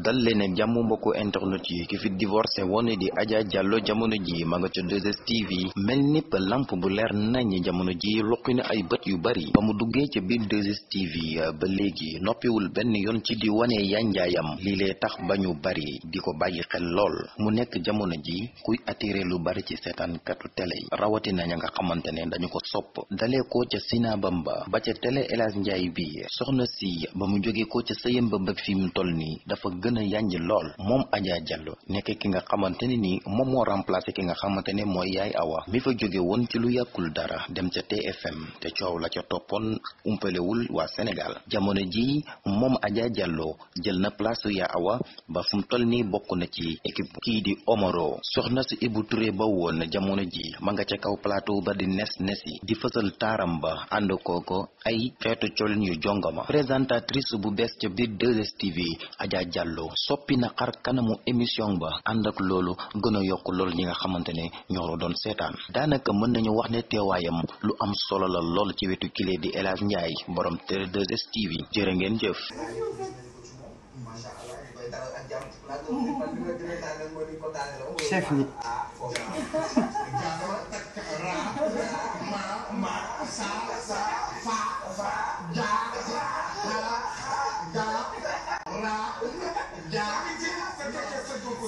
dal leen ak jàmm mbokku internet yi ki fi divorcé woon di Adja Diallo jamono ji ma nga ca 2STV mel nipp lamp bu leer nañ jamono ji luqi ne ay bët yu bari ba mu duggee ca biir 2STV euh, ba léegi noppiwul benn yoon ci di wane njaayam lii lay tax ba ñu bari di ko bàyyi xel lool mu nekk jamono ji kuy attiré lu bari ci seetaankatu télé yi rawatina ña nga xamante ne dañu ko sopp dalee ko ca Sina Bamba ba ca télé El Hadj Ndiaye bi soxna si ba mu jógee ko ca sëyam ba ba fi mu nii gën a yanj lool moom Adja Diallo nekk ki nga xamante ne nii moom moo remplacé ki nga xamante ne mooy Yaay Awa mi fa jóge woon ci lu yàkkul dara dem ca TFM te coow la ca toppoon umpalewul waa Sénégal jamono ji moom Adja Diallo jël na place Yaay Awa ba fu toll nii bokk na ci équipe kii di Omaro soxna si Ibou Touré ba woon jamono ji ma nga ca kaw plateau ba di nes nes yi di fësal taaram ba ànd kooko ay xeetu colin yu jongoma présentatrice bu bees ca biir 2STV Adja Diallo soppi na xar kanamu émission ba ànd ak loolu gëna a yokk lool ñi nga xamante ne ñooro doon seetaan daanaka mën nañu wax ne teewaayam lu am solo la lool ci wetu kile di El njaay boroom borom télé 2STV ngeen jëf.